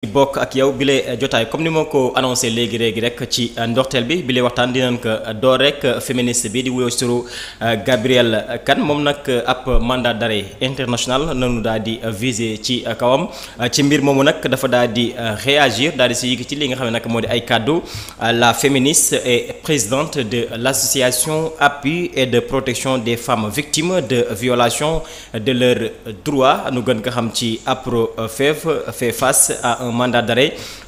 bokk ak yow bi lay eh, jotaay comme ni ma ko annoncé léegi léegi rek ci eh, ndorteel bi bi lay waxtaan dinañ ko eh, door rek féministe bi di wuyoo suru Gabrielle Kane moom nag ab mandat d'arrêt international nanu daal di visé ci kawam ci mbir moomu nag dafa daal di réagir daal di si yëg ci li nga xam ne moo di ay kàddu la féministe et présidente de l'association appui et de protection des femmes victimes de violation de leurs droits nu gën ko xam ci APROFEV un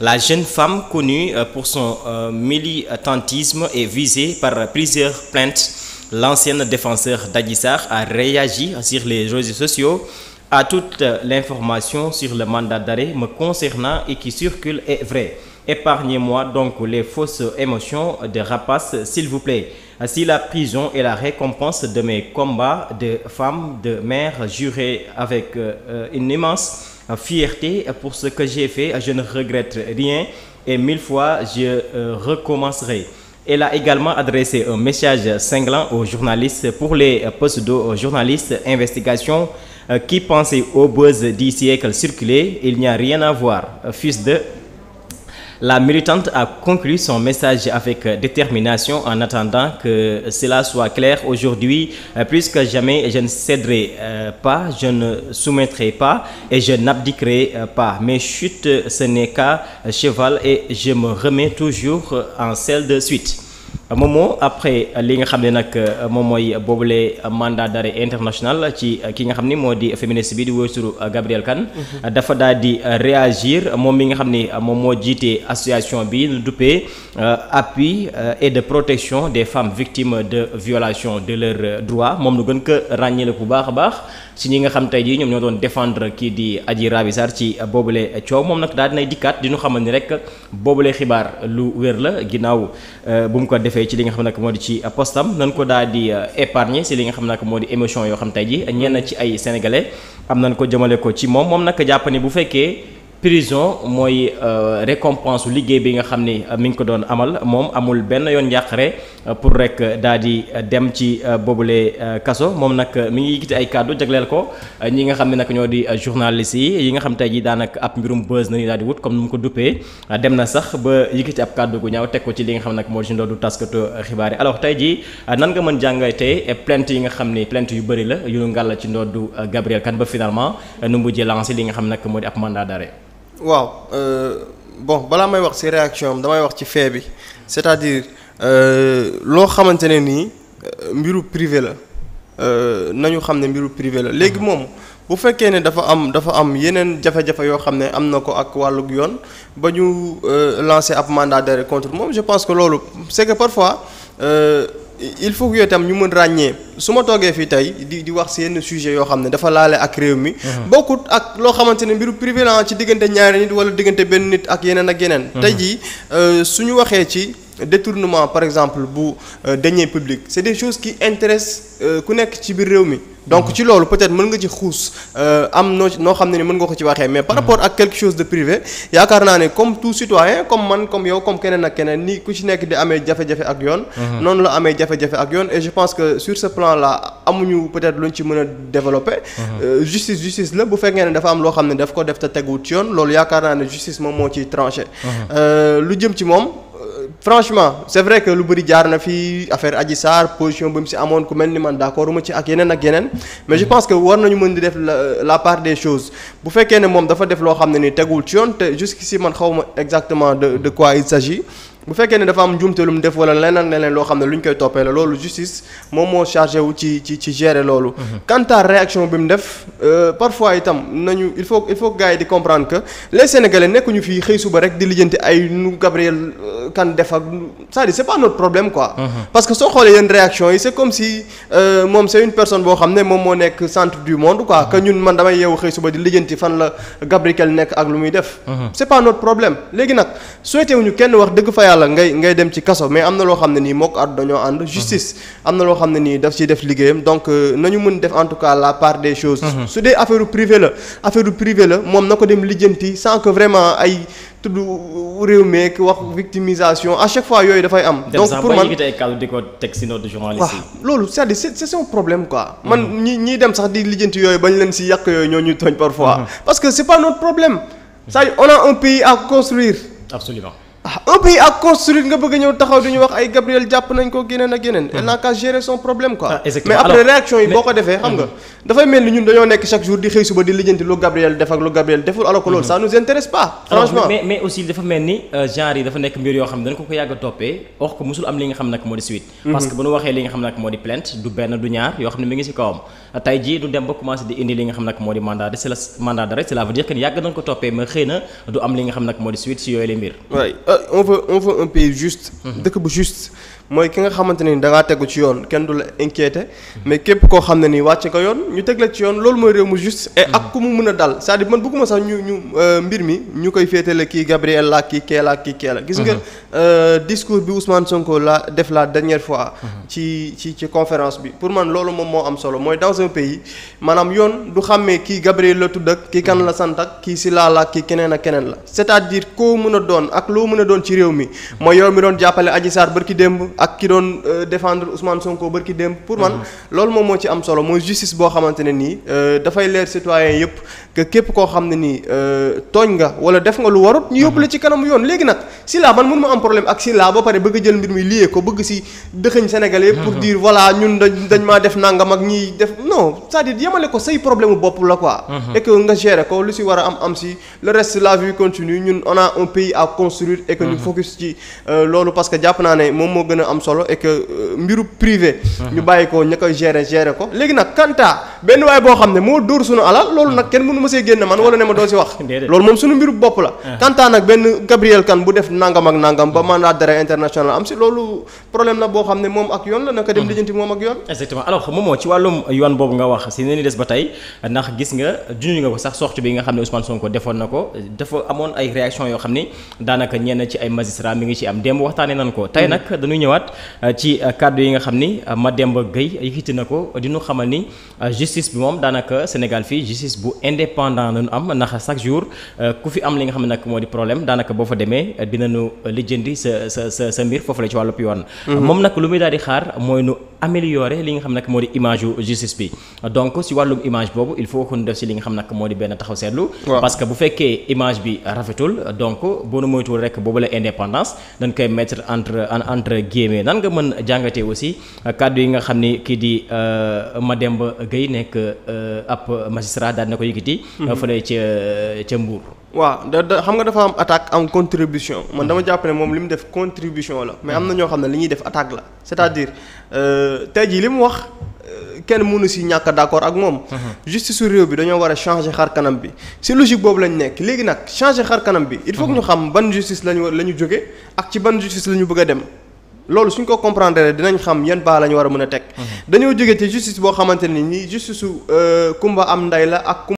La jeune femme connue euh, pour son euh, militantisme est visée par plusieurs plaintes. L'ancienne défenseur d'Adissar a réagi sur les réseaux sociaux à toute l'information sur le mandat d'arrêt me concernant et qui circule est vraie. Épargnez-moi donc les fausses émotions des rapaces, s'il vous plaît. Si la prison est la récompense de mes combats de femmes, de mères, jurées avec euh, une immense fierté pour ce que j'ai fait je ne regrette rien et mille fois je euh, recommencerai elle a également adressé un message cinglant aux journalistes pour les postes de journalistes investigation euh, qui pensaient au buzz du siècle circuler il n'y a rien à voir fils de La militante a conclu son message avec euh, détermination en attendant que euh, cela soit clair aujourd'hui. Euh, plus que jamais, je ne céderai pas, je ne soumettrai pas et je n'abdiquerai pas. Mes chutes, ce n'est qu'à cheval et je me remets toujours en selle de suite. moom moo après li nga xam ne nag euh, moom mooy boobule mandat d'arrêt international ci euh, ki nga xam ni moo di féministe bi di woy suru euh, Gabrielle Kane mhm. dafa daal di réagir moom mi nga xam ni moom moo jiitee association bi nu duppee appui et de protection des femmes victimes de violation de leurs droits moom lu gën ko ràññeele bu baax a baax si ñi nga xam tey jii ñoom ñoo doon défendre kii di Adji Raby Sarr ci boobule coow moom nag daal dinay dikkaat di ñu xamal ni rek boobule xibaar la foofee ci li nga xam nag moo di ci postam nan ko daal di euh, épargner si li nga xam nag moo di émission yoo xam tey ji ñenn ci ay sénégalais am nañ ko jëmale ko ci moom moom nag jàpp bu fekkee prison mooy euh, récompense liggéey bi nga xam ni euh, mi ngi ko doon amal moom amul benn yoon njàqare euh, pour rek daal di dem ci boobule kaso moom nag mi ngi yëkkati ay kàddu jagleel ko ñi nga xam ne nag ñoo di journaliste yi yi nga xam tey ji daanaka ab mbirum buzz nañu daal di wut comme ni mu ko duppee dem na sax ba yëkkati ab kàddu gu ñaaw teg ko ci li nga xam nag moo di ndoddu taskatu xibaar yi alors tey ji nan nga mën jàngatee plainte yi nga xam ni plainte yu bëri la yu la ci ndoddu Gabriel kan ba finalement nu mujjee lancé li nga xam nag moo di ab mandat d'arrêt waaw euh, bon balaa may wax ci réaction am damay wax ci fee bi c'est-à-dire euh, loo xamante ne nii euh, mbiru privé la nañu xam ne mbiru privé la léegi mm-hmm. moom bu fekkee ne dafa am dafa am yeneen jafe-jafe yoo xam ne am na ko ak wàllu yoon ba ñu lancer ab mandat d'arrêt contre moom je pense que loolu c'est que parfois. Euh, il faut que yooyu tam ñu mën ràññee su ma toogee fii tey di di wax yenn sujet yoo xam ne dafa laale ak réew mi. Uh-huh. bokkut ak loo xamante ne mbiru privé la ci diggante ñaari nit wala diggante benn nit ak yeneen ak yeneen. Uh-huh. tey jii euh, su ñu waxee ci détournement par exemple bu euh, deniers publics c'est des choses qui intéressent euh, ku nekk ci biir réew mi. donc ci loolu peut-être mën nga ci xuus euh, am noo noo xam ne ni mën nga ko ci waxee mais par rapport ak quelque chose de privé yaakaar naa ne comme tout citoyen comme man comme yow comme keneen ak keneen ni ku ci nekk di amee jafe-jafe ak yoon mhm. noonu la amee jafe-jafe ak yoon et je pense que sur ce plan la amuñu peut-être luñ ci mën a développer mhm. euh, justice justice la bu fekkee ne dafa am loo xam ne daf ko def te teguwut ci yoon loolu yaakaar naa ne justice moom moo ciy mhm. euh, lu jëm ci moom franchement c'est vrai que lu bëri jaar na fi affaire Adji Sarr position bu mu si amoon ku mel ni man d'accord ma ci ak yeneen ak yeneen mais je pense que war nañu mën di def la part des choses bu fekkee ne moom dafa def loo xam ne ni tegul ci yoon te si man xaw ma exactement de de quoi il s'agit bu fekkee ne dafa am njuumte lu mu def wala leneen leneen loo xam ne lu ñu koy toppee la loolu justice moom moo chargé wu ci ci ci gérer loolu. Mhm. quant à réaction bi mu def euh, parfois itam nañu il faut il yi di comprendre que les sénégalais nekkuñu fii xëy suba rek di lijjanti ay nu Gabriel euh, kan def ak c'est-à-dire c'est pas notre problème quoi. Mhm. parce que soo xoolee yenn réaction yi c'est comme si euh, moom c'est une personne boo xam ne moom moo nekk centre du monde quoi que mhm. ñun fan la Gabriel lu muy def. c'est pas notre yàlla ngay ngay dem ci kaso mais am na loo xam ne nii mook at dañoo ànd justice am na loo xam ne nii daf ciy def liggéeyam donc euh, nañu mën def en tout cas la part des choses mhm. su dee affaire privé la affaire privé la moom na ko dem lijjanti sans que vraiment ay tudd réew meek wax victimisation à chaque fois yooyu dafay am. donc pour man waaw loolu c'est-à-dire c'est son problème quoi. Mhm. man ñi ñiy dem sax di lijjanti yooyu bañ leen si yàq yooyu ñoo tooñ parfois. Mhm. a un pays à construire. un pays à construire nga bëgg ñëw taxaw duñu wax ay Gabriel jàpp nañ ko geneen ak geneen hmm. elle n'a qu'à gérer son problème quoi ah, mais après réaction yi boo ko defee xam nga hmm. dafay mel ni ñun dañoo nekk chaque jour di xëy suba di lijjanti lu Gabriel def ak lu Gabriel deful alors que loolu hmm. ça nous intéresse pas franchement mais mais aussi dafa mel ni euh, genre yi dafa nekk mbir yoo xam ne dañ ko ko yàgg a toppee wax ko musul am li nga xam ne mi moo na du am li Euh, on veut on veut un pays juste. Mhm. dëkk bu juste. mooy ki nga xamante ni da ngaa tegu ci yoon kenn du la inquiété mais képp koo xam ne nii wàcc nga yoon ñu teg la ci yoon loolu mooy réew mu juste ak ku mu mën a dal c'est-à-dire man bëgguma sax ñu ñu euh, mbir mi ñu kii la kii kee la kii kee la gis nga mhm. euh, discours bi la def la dernière fois mhm. ci ci ci conférence bi pour man loolu moom moo am solo mooy dans un pays maanaam yoon du xàmmee kii Gabriel la tudd ak kii kan la sant ak kii si laa la ak kii keneen ak keneen la c'est-à-dire koo mën a doon ak loo mën a doon ci réew mi mooy yow mi doon jàppale Adji Sarr barki démb ak ki doon euh, défendre Ousmane Sonko bërki dem pour man mhm. loolu moom moo ci am solo mooy justice boo xamante ne nii euh, dafay leer citoyen yëpp que képp koo xam ne nii euh, tooñ nga wala def nga lu warut ñu yóbbu la mhm. ci kanamu yoon léegi nag si la man mun ma am problème ak si la ba pare bëgg jël mbir mi lié ko bëgg si dëxëñ Sénégalais yëpp pour mhm. dire ñun dañ dañ maa def nangam ak ñiy def non c'est-à-dire yemale ko say problème bopp la ko et que nga gérer ko lu si war a am am si le reste la vie continue ñun on a un pays à construire et ñu focus ci loolu parce jàpp naa ne moom moo gën a am solo et que euh, mbiru privé. Mhm. ñu bàyyi ko ña moo dóor suñu alal loolu nag kenn mënu ma see ma doo si wax. loolu moom suñu mbiru bopp ah. problème la boo xam ne moom ak yoon la naka dem mhm. lijjanti moom ak yoon. exactement alors moomoo ci wàllum yoon boobu nga wax si ni des ba tey ndax gis nga junj nga ko sax sortie bi nga xam ne Ousmane Sonko defoon na ko dafa amoon ay réaction yoo xam ni daanaka ñenn ci ay magistrat mi ngi ci am démb waxtaanee nan ko tey mhm. nag dañuy ñëw ñëwaat euh, ci euh, kàddu yi nga xam ni euh, Mademba Gueye yëkkati na ko di ñu xamal ni justice bi moom daanaka Sénégal fii justice bu indépendant lañu am ndax chaque jour ku fi am li nga xam ne nag moo di problème daanaka boo fa demee dinañu lijjanti sa sa sa sa mbir foofu la ci wàllu yoon. Mm-hmm. moom nag lu muy daal di xaar mooy nu améliorer li nga xam nag moo di image yu justice bi donc si wàllum image boobu il faut que def si li nga xam nag moo di benn taxaw seetlu parce que bu fekkee image bi rafetul donc boo nu moytuwul rek boobu la indépendance dañ koy mettre entre entre guillemets nan nga mën jàngatee aussi kàddu yi nga xam ni kii di ma euh, Mademba Gueye nekk euh, ab magistrat daal na ko yëkkati mhm. fële ca ca Mbour waaw da da xam nga dafa am attaque am contribution man mhm. dama jàpp ne moom li mu def contribution la mais am na mhm. ñoo xam ne li ñuy def attaque la cest à euh, tey jii li mu wax kenn mënu si ñàkk d' accord ak moom. Mhm. justice su réew bi dañoo war a changer xar bi si logique boobu lañ nekk léegi nag changer xar bi. il faut mhm. ñu xam ban justice lañu la ñu jóge ak ci ban justice la ñu bëgg a dem. loolu suñ ko comprendre dinañ xam yan baa la ñu a mën a teg. Mhm. dañoo jóge ci justice boo xamante ne justice su euh, Kumba am nday la ak.